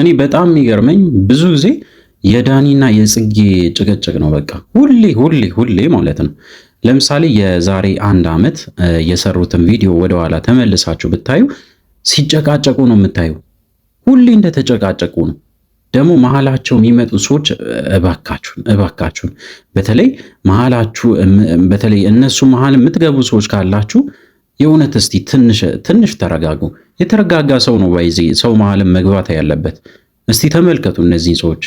እኔ በጣም የሚገርመኝ ብዙ ጊዜ የዳኒና የጽጌ ጭቅጭቅ ነው። በቃ ሁሌ ሁሌ ሁሌ ማለት ነው። ለምሳሌ የዛሬ አንድ ዓመት የሰሩትን ቪዲዮ ወደኋላ ተመልሳችሁ ብታዩ ሲጨቃጨቁ ነው የምታዩ። ሁሌ እንደተጨቃጨቁ ነው። ደግሞ መሀላቸው የሚመጡ ሰዎች እባካችሁን እባካችሁን በተለይ መሀላችሁ በተለይ እነሱ መሀል የምትገቡ ሰዎች ካላችሁ የእውነት እስቲ ትንሽ ተረጋጉ። የተረጋጋ ሰው ነው ባይዜ ሰው መሀልም መግባት ያለበት። እስቲ ተመልከቱ እነዚህን ሰዎች።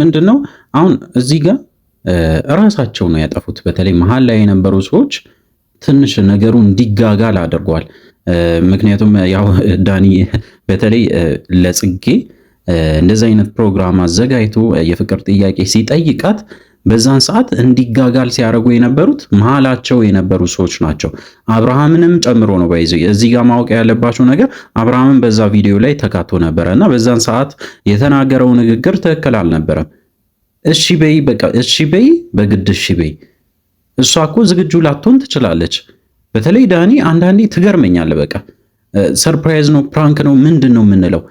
ምንድን ነው አሁን እዚህ ጋር ራሳቸው ነው ያጠፉት። በተለይ መሀል ላይ የነበሩ ሰዎች ትንሽ ነገሩ እንዲጋጋል አድርጓል። ምክንያቱም ያው ዳኒ በተለይ ለጽጌ እንደዚህ አይነት ፕሮግራም አዘጋጅቶ የፍቅር ጥያቄ ሲጠይቃት በዛን ሰዓት እንዲጋጋል ሲያደርጉ የነበሩት መሀላቸው የነበሩ ሰዎች ናቸው። አብርሃምንም ጨምሮ ነው። በይዘ እዚህ ጋር ማወቅ ያለባቸው ነገር አብርሃምን በዛ ቪዲዮ ላይ ተካቶ ነበረ እና በዛን ሰዓት የተናገረው ንግግር ትክክል አልነበረም። እሺ በይ በቃ እሺ በይ በግድ እሺ በይ እሷ እኮ ዝግጁ ላትሆን ትችላለች። በተለይ ዳኒ አንዳንዴ ትገርመኛለ። በቃ ሰርፕራይዝ ነው ፕራንክ ነው ምንድን ነው የምንለው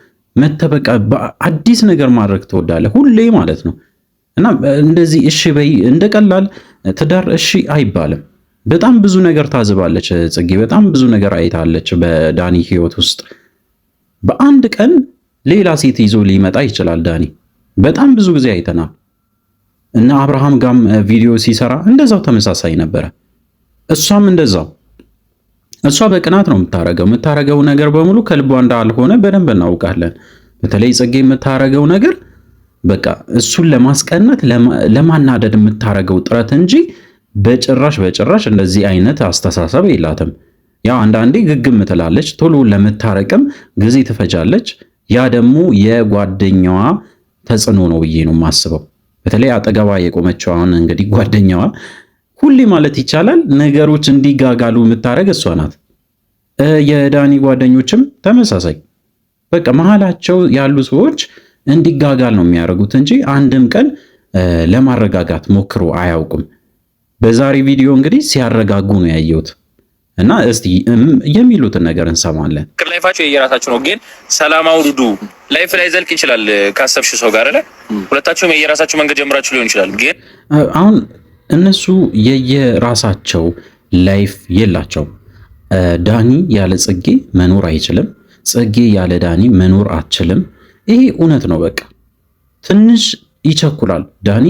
መተበቃ በአዲስ ነገር ማድረግ ትወዳለ ሁሌ ማለት ነው። እና እንደዚህ እሺ በይ እንደቀላል ትዳር እሺ አይባልም። በጣም ብዙ ነገር ታዝባለች ጽጌ፣ በጣም ብዙ ነገር አይታለች በዳኒ ህይወት ውስጥ። በአንድ ቀን ሌላ ሴት ይዞ ሊመጣ ይችላል ዳኒ። በጣም ብዙ ጊዜ አይተናል። እና አብርሃም ጋም ቪዲዮ ሲሰራ እንደዛው ተመሳሳይ ነበረ። እሷም እንደዛው እሷ በቅናት ነው የምታረገው። የምታረገው ነገር በሙሉ ከልቧ እንዳልሆነ በደንብ እናውቃለን። በተለይ ጽጌ የምታረገው ነገር በቃ እሱን ለማስቀናት ለማናደድ የምታረገው ጥረት እንጂ በጭራሽ በጭራሽ እንደዚህ አይነት አስተሳሰብ የላትም። ያው አንዳንዴ ግግም ትላለች፣ ቶሎ ለመታረቅም ጊዜ ትፈጃለች። ያ ደግሞ የጓደኛዋ ተጽዕኖ ነው ብዬ ነው የማስበው። በተለይ አጠገቧ የቆመችው አሁን እንግዲህ ጓደኛዋ ሁሌ ማለት ይቻላል ነገሮች እንዲጋጋሉ የምታደረግ እሷ ናት። የዳኒ ጓደኞችም ተመሳሳይ በቃ መሀላቸው ያሉ ሰዎች እንዲጋጋል ነው የሚያደርጉት እንጂ አንድም ቀን ለማረጋጋት ሞክሮ አያውቁም። በዛሬ ቪዲዮ እንግዲህ ሲያረጋጉ ነው ያየሁት። እና እስቲ የሚሉትን ነገር እንሰማለን። ፍቅር ላይፋቸው የየራሳቸው ነው፣ ግን ሰላም አውርዱ ላይፍ ላይ ዘልቅ ይችላል ካሰብሽ ሰው ጋር አለ። ሁለታችሁም የየራሳቸው መንገድ ጀምራችሁ ሊሆን ይችላል። ግን አሁን እነሱ የየራሳቸው ላይፍ የላቸው። ዳኒ ያለ ጽጌ መኖር አይችልም፣ ጽጌ ያለ ዳኒ መኖር አትችልም። ይሄ እውነት ነው። በቃ ትንሽ ይቸኩላል ዳኒ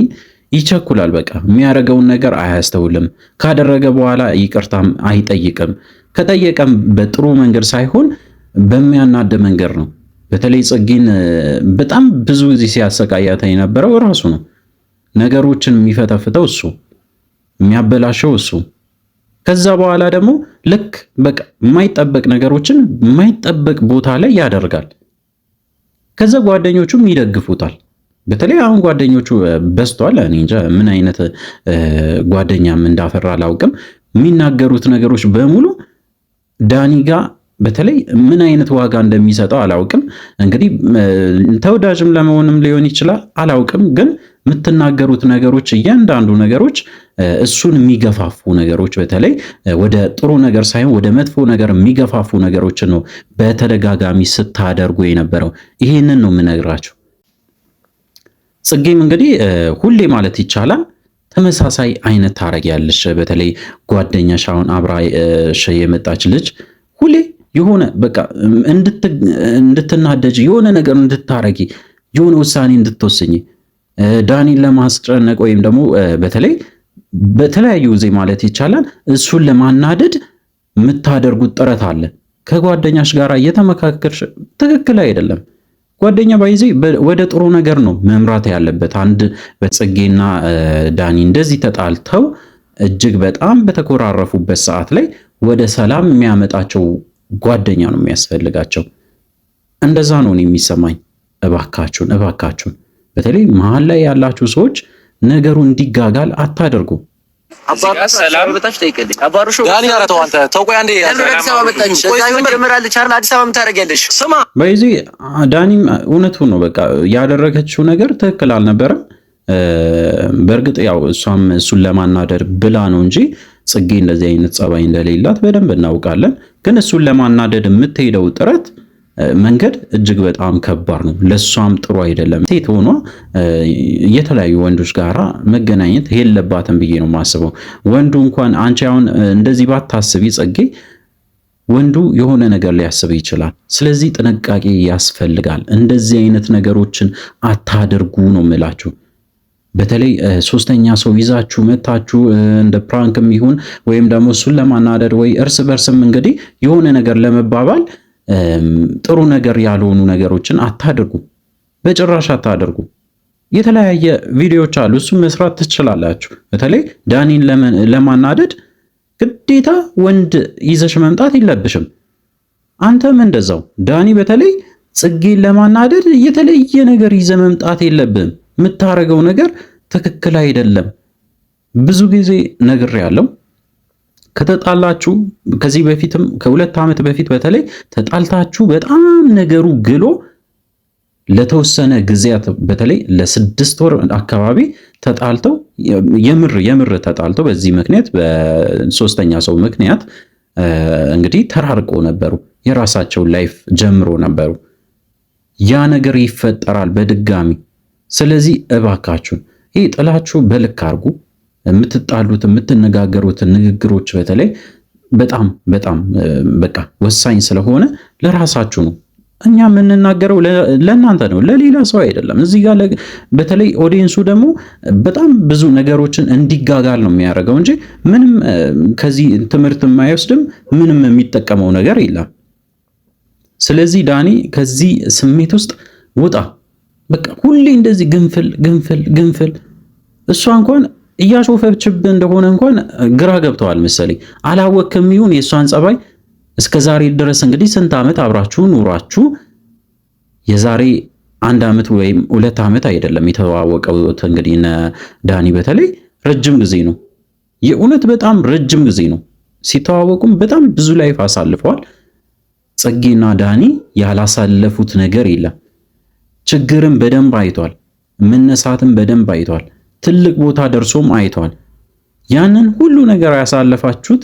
ይቸኩላል። በቃ የሚያደርገውን ነገር አያስተውልም። ካደረገ በኋላ ይቅርታም አይጠይቅም። ከጠየቀም በጥሩ መንገድ ሳይሆን በሚያናድ መንገድ ነው። በተለይ ጽጌን በጣም ብዙ ጊዜ ሲያሰቃያት የነበረው ራሱ ነው። ነገሮችን የሚፈተፍተው እሱ፣ የሚያበላሸው እሱ። ከዛ በኋላ ደግሞ ልክ በቃ የማይጠበቅ ነገሮችን የማይጠበቅ ቦታ ላይ ያደርጋል። ከዛ ጓደኞቹም ይደግፉታል። በተለይ አሁን ጓደኞቹ በዝቷል። እኔ እንጃ ምን አይነት ጓደኛም እንዳፈራ አላውቅም። የሚናገሩት ነገሮች በሙሉ ዳኒ ጋር በተለይ ምን አይነት ዋጋ እንደሚሰጠው አላውቅም። እንግዲህ ተወዳጅም ለመሆንም ሊሆን ይችላል አላውቅም። ግን የምትናገሩት ነገሮች እያንዳንዱ ነገሮች እሱን የሚገፋፉ ነገሮች በተለይ ወደ ጥሩ ነገር ሳይሆን ወደ መጥፎ ነገር የሚገፋፉ ነገሮችን ነው በተደጋጋሚ ስታደርጉ የነበረው። ይህንን ነው የምነግራቸው። ጽጌም እንግዲህ ሁሌ ማለት ይቻላል ተመሳሳይ አይነት ታረጊያለሽ። በተለይ ጓደኛ ሻሁን አብራ የመጣች ልጅ ሁሌ የሆነ በቃ እንድትናደጅ የሆነ ነገር እንድታረጊ የሆነ ውሳኔ እንድትወስኝ ዳኒን ለማስጨነቅ ወይም ደግሞ በተለይ በተለያዩ ጊዜ ማለት ይቻላል እሱን ለማናደድ የምታደርጉት ጥረት አለ። ከጓደኛሽ ጋር እየተመካከርሽ ትክክል አይደለም። ጓደኛ ባይዜ ወደ ጥሩ ነገር ነው መምራት ያለበት። አንድ በጽጌና ዳኒ እንደዚህ ተጣልተው እጅግ በጣም በተኮራረፉበት ሰዓት ላይ ወደ ሰላም የሚያመጣቸው ጓደኛ ነው የሚያስፈልጋቸው። እንደዛ ነው እኔ የሚሰማኝ። እባካችሁን እባካችሁን፣ በተለይ መሀል ላይ ያላችሁ ሰዎች ነገሩ እንዲጋጋል አታደርጉ። በይዚ ዳኒም እውነቱ ነው። በቃ ያደረገችው ነገር ትክክል አልነበረም። በእርግጥ ያው እሷም እሱን ለማናደድ ብላ ነው እንጂ ጽጌ እንደዚህ አይነት ጸባይ እንደሌላት በደንብ እናውቃለን። ግን እሱን ለማናደድ የምትሄደው ጥረት መንገድ እጅግ በጣም ከባድ ነው። ለእሷም ጥሩ አይደለም። ሴት ሆኗ የተለያዩ ወንዶች ጋራ መገናኘት የለባትም ብዬ ነው የማስበው። ወንዱ እንኳን አንቺ አሁን እንደዚህ ባታስቢ ጽጌ ወንዱ የሆነ ነገር ሊያስብ ይችላል። ስለዚህ ጥንቃቄ ያስፈልጋል። እንደዚህ አይነት ነገሮችን አታድርጉ ነው የምላችሁ። በተለይ ሶስተኛ ሰው ይዛችሁ መታችሁ እንደ ፕራንክም ይሁን ወይም ደግሞ እሱን ለማናደድ ወይ እርስ በርስም እንግዲህ የሆነ ነገር ለመባባል ጥሩ ነገር ያልሆኑ ነገሮችን አታድርጉ፣ በጭራሽ አታድርጉ። የተለያየ ቪዲዮዎች አሉ፣ እሱ መስራት ትችላላችሁ። በተለይ ዳኒን ለማናደድ ግዴታ ወንድ ይዘሽ መምጣት የለብሽም። አንተም እንደዛው ዳኒ፣ በተለይ ጽጌን ለማናደድ የተለየ ነገር ይዘ መምጣት የለብህም። የምታረገው ነገር ትክክል አይደለም። ብዙ ጊዜ ነግሬያለሁ። ከተጣላችሁ ከዚህ በፊትም ከሁለት ዓመት በፊት በተለይ ተጣልታችሁ በጣም ነገሩ ግሎ ለተወሰነ ጊዜያት በተለይ ለስድስት ወር አካባቢ ተጣልተው የምር የምር ተጣልተው በዚህ ምክንያት በሶስተኛ ሰው ምክንያት እንግዲህ ተራርቆ ነበሩ። የራሳቸውን ላይፍ ጀምሮ ነበሩ። ያ ነገር ይፈጠራል በድጋሚ። ስለዚህ እባካችሁን ይህ ጥላችሁ በልክ አድርጉ። የምትጣሉት የምትነጋገሩት ንግግሮች በተለይ በጣም በጣም በቃ ወሳኝ ስለሆነ ለራሳችሁ ነው። እኛ የምንናገረው ለእናንተ ነው፣ ለሌላ ሰው አይደለም። እዚህ ጋር በተለይ ኦዲየንሱ ደግሞ በጣም ብዙ ነገሮችን እንዲጋጋል ነው የሚያደርገው እንጂ ምንም ከዚህ ትምህርት የማይወስድም ምንም የሚጠቀመው ነገር የለም። ስለዚህ ዳኒ ከዚህ ስሜት ውስጥ ውጣ። በቃ ሁሌ እንደዚህ ግንፍል ግንፍል ግንፍል እሷ እንኳን እያሾፈችብህ እንደሆነ እንኳን ግራ ገብተዋል መሰለኝ። አላወቅም ይሁን የእሷን ጸባይ። እስከ ዛሬ ድረስ እንግዲህ ስንት ዓመት አብራችሁ ኑራችሁ የዛሬ አንድ ዓመት ወይም ሁለት ዓመት አይደለም የተዋወቀው። እንግዲህ ዳኒ በተለይ ረጅም ጊዜ ነው የእውነት በጣም ረጅም ጊዜ ነው። ሲተዋወቁም በጣም ብዙ ላይፍ አሳልፈዋል። ጽጌና ዳኒ ያላሳለፉት ነገር የለም። ችግርም በደንብ አይቷል። መነሳትም በደንብ አይቷል። ትልቅ ቦታ ደርሶም አይቷል። ያንን ሁሉ ነገር ያሳለፋችሁት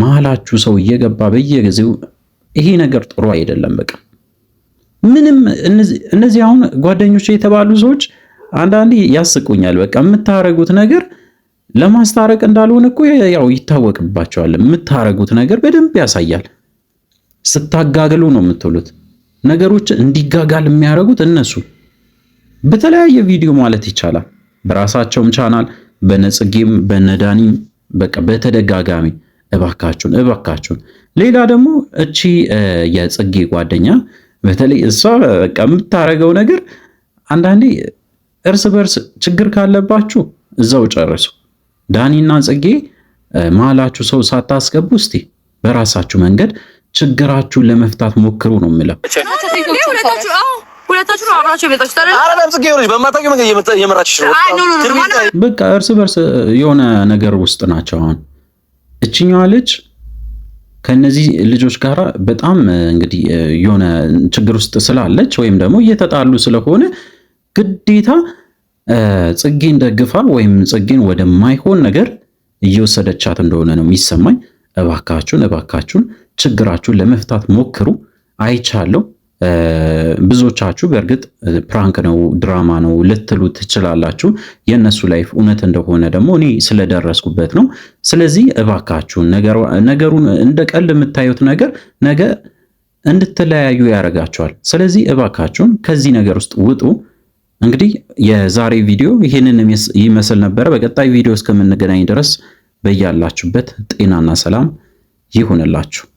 መሀላችሁ ሰው እየገባ በየጊዜው ይሄ ነገር ጥሩ አይደለም። በቃ ምንም እነዚህ አሁን ጓደኞች የተባሉ ሰዎች አንዳንዴ ያስቁኛል። በቃ የምታረጉት ነገር ለማስታረቅ እንዳልሆነ እኮ ያው ይታወቅባቸዋል። የምታረጉት ነገር በደንብ ያሳያል። ስታጋግሉ ነው የምትውሉት። ነገሮች እንዲጋጋል የሚያደርጉት እነሱ በተለያየ ቪዲዮ ማለት ይቻላል። በራሳቸውም ቻናል በነጽጌም በነዳኒም በቃ በተደጋጋሚ እባካችሁን እባካችሁን። ሌላ ደግሞ እቺ የጽጌ ጓደኛ በተለይ እሷ በቃ የምታረገው ነገር አንዳንዴ እርስ በርስ ችግር ካለባችሁ እዛው ጨርሱ። ዳኒና ጽጌ መሀላችሁ ሰው ሳታስገቡ እስቲ በራሳችሁ መንገድ ችግራችሁን ለመፍታት ሞክሩ ነው የምለው። ሁለታችሁ ነው አብራችሁ የመጣችሁ ታዲያ። አራዳም ጽጌ ሆነሽ በማታውቂው መንገድ እየመራችሽ ነው። በቃ እርስ በርስ የሆነ ነገር ውስጥ ናቸው። አሁን እችኛዋ ልጅ ከነዚህ ልጆች ጋር በጣም እንግዲህ የሆነ ችግር ውስጥ ስላለች ወይም ደግሞ እየተጣሉ ስለሆነ ግዴታ ጽጌን ደግፋ ወይም ጽጌን ወደማይሆን ነገር እየወሰደቻት እንደሆነ ነው የሚሰማኝ። እባካችሁን እባካችሁን ችግራችሁን ለመፍታት ሞክሩ። አይቻለሁ ብዙዎቻችሁ በእርግጥ ፕራንክ ነው ድራማ ነው ልትሉ ትችላላችሁ። የእነሱ ላይፍ እውነት እንደሆነ ደግሞ እኔ ስለደረስኩበት ነው። ስለዚህ እባካችሁን ነገሩን እንደ ቀልድ የምታዩት ነገር ነገ እንድትለያዩ ያደርጋችኋል። ስለዚህ እባካችሁን ከዚህ ነገር ውስጥ ውጡ። እንግዲህ የዛሬ ቪዲዮ ይህንን ይመስል ነበረ። በቀጣይ ቪዲዮ እስከምንገናኝ ድረስ በያላችሁበት ጤናና ሰላም ይሁንላችሁ።